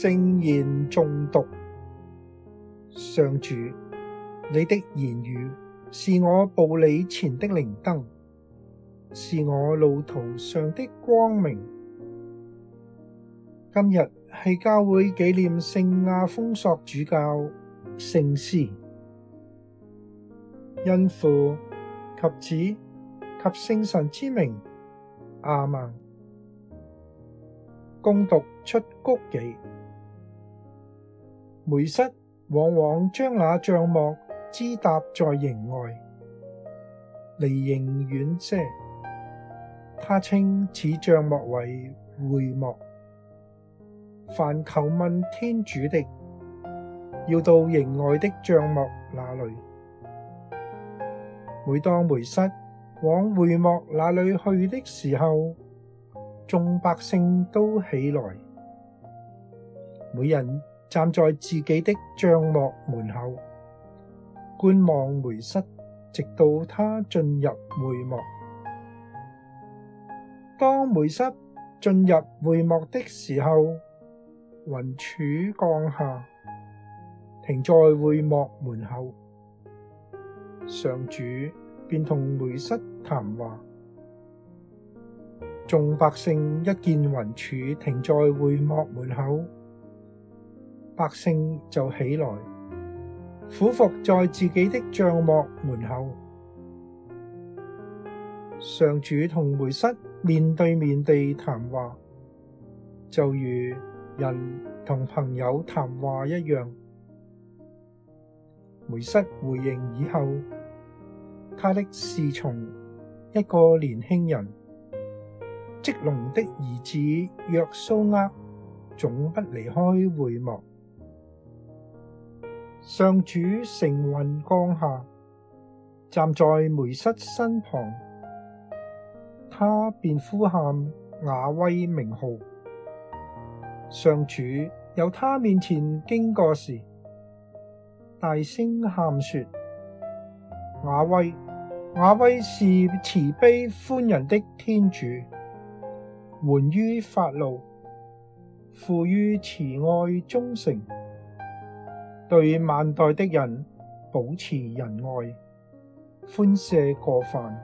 聖言誦讀。上主，你的言語是我步履前的靈燈，是我路途上的光明。今日係教會紀念聖亞豐索主教聖師，因父及子及聖神之名，阿們。恭讀出谷紀。梅瑟往往將那帳幕支搭在營外，離營遠些。他稱此帳幕為會幕。凡求問天主的，要到營外的帳幕那裏。每當梅瑟往會幕那裏去的時候，眾百姓都起來，每人，站在自己的帳幕門口觀望梅瑟，直到他進入會幕。當梅瑟進入會幕的時候，雲柱降下，停在會幕門口。上主便同梅瑟談話。眾百姓一見雲柱停在會幕門口。百姓就起來，俯伏在自己的帳幕門口。上主同梅瑟面對面地談話，就如人同朋友談話一樣。梅瑟回營以後，他的侍從一個年輕人，即農的兒子若蘇厄，總不離開會幕。上主乘雲降下，站在梅瑟身旁，他便呼喊雅威名號。上主由他面前經過時，大聲喊說：雅威，雅威是慈悲寬仁的天主，緩於發怒，富於慈愛忠誠。對萬代的人保持仁愛，寬赦過犯、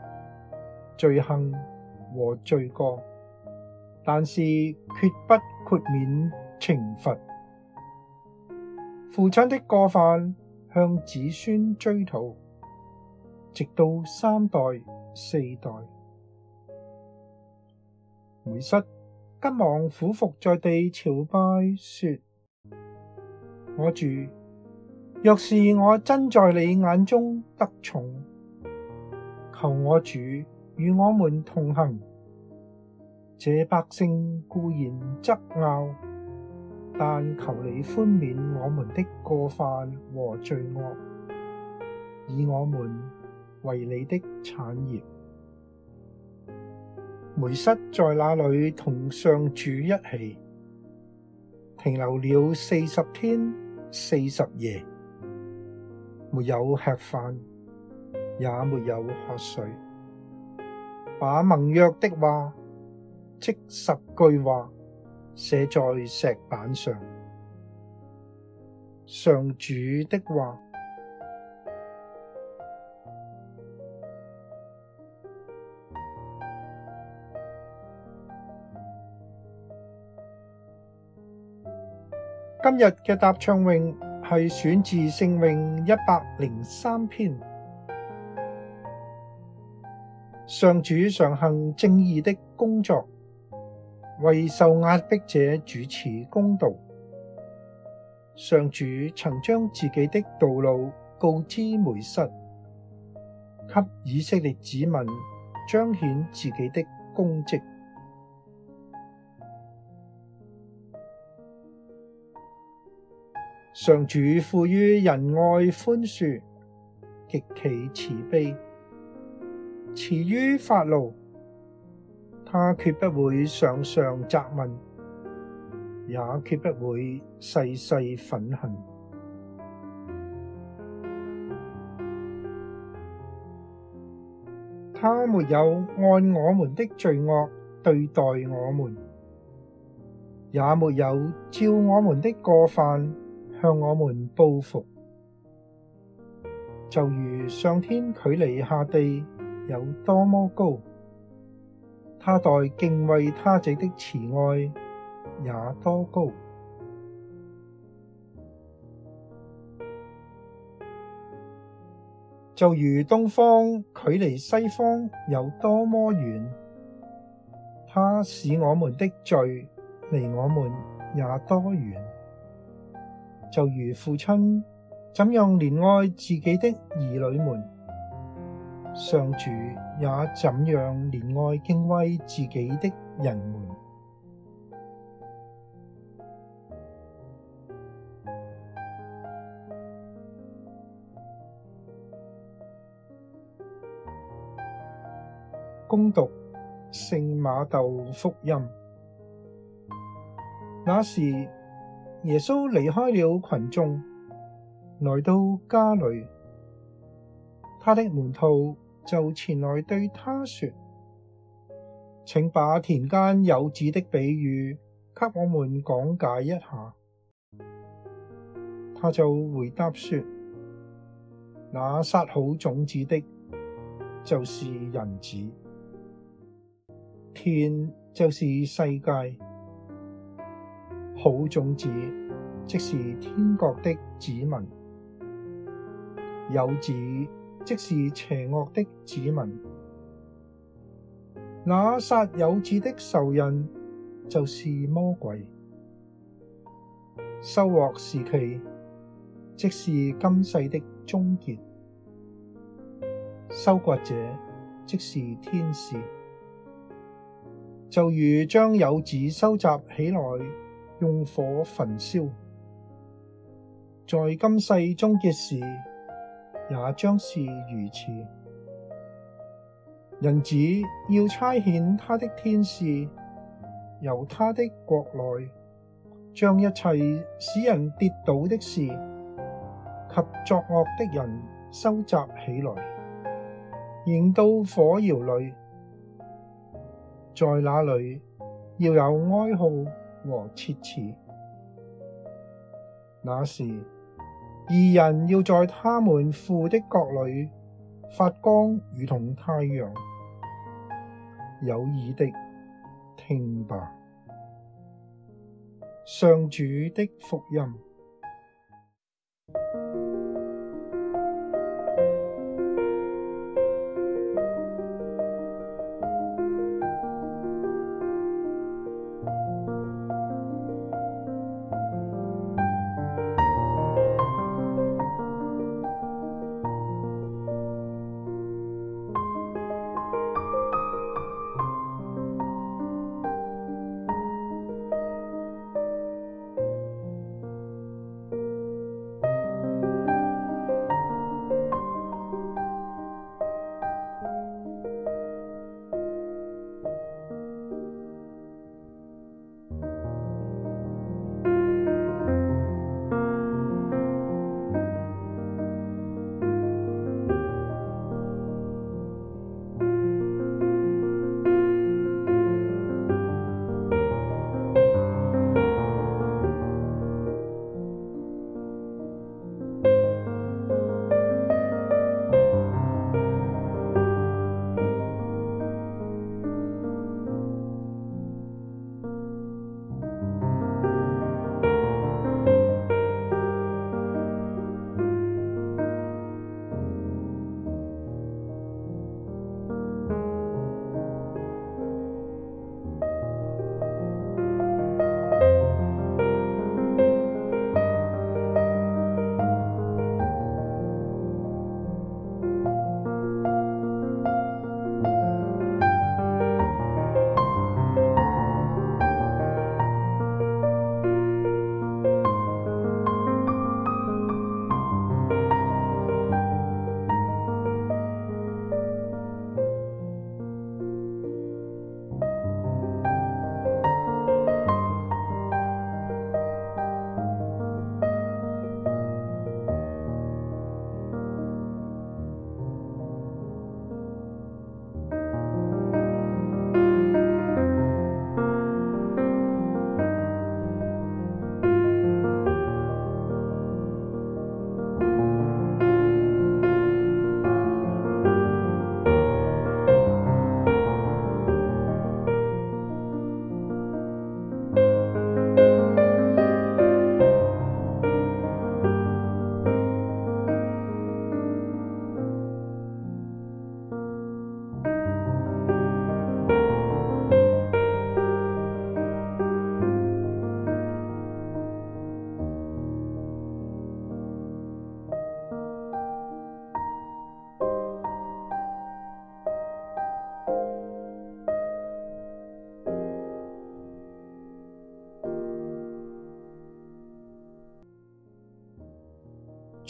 罪行和罪過，但是決不豁免懲罰。父親的過犯向子孫追討，直到三代、四代。梅瑟急忙俯伏在地朝拜，說：我主。若是我真在你眼中得寵，求我主與我們同行。這百姓固然執拗，但求你寬免我們的過犯和罪惡，以我們為你的產業。梅瑟在那裏同上主一起停留了四十天、四十夜。沒有吃飯，也沒有喝水，把盟約的話，即十句話，寫在石版上。上主的話，今日嘅答唱詠。係選自聖詠一百零三篇，上主常行正義的工作，為受壓迫者主持公道。上主曾將自己的道路告知梅瑟，給以色列子民彰顯自己的功績。上主富於仁愛寬恕，極其慈悲，遲於發怒。他絕不會常常責問，也絕不會世世憤恨。他沒有按我們的罪惡對待我們，也沒有照我們的過犯。向我們報復，就如上天距離下地有多麼高，他待敬畏他者的慈愛也多高；就如東方距離西方有多麼遠，他使我們的罪離我們也多遠。就如父親怎樣憐愛自己的兒女們，上主也怎樣憐愛敬畏自己的人們。恭 讀聖瑪竇福音，那時。耶穌離開了群眾，來到家裏，他的門徒就前來對他說：請把田間莠子的比喻給我們講解一下。他就回答說：那撒好種子的，就是人子；田就是世界。好種子即是天國的子民，莠子即是邪惡的子民。那撒莠子的仇人就是魔鬼。收穫時期即是今世的終結，收割者即是天使。就如將莠子收集起來，用火焚燒，在今世終結時，也將是如此。人子要差遣他的天使，由他的國內將一切使人跌倒的事及作惡的人收集起來，扔到火窑裏，在那裏要有哀號。和切齒，那時義人要在他們父的國裏發光，如同太陽。有耳的聽吧！上主的福音。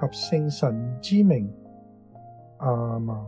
及聖神之名，阿瑪。啊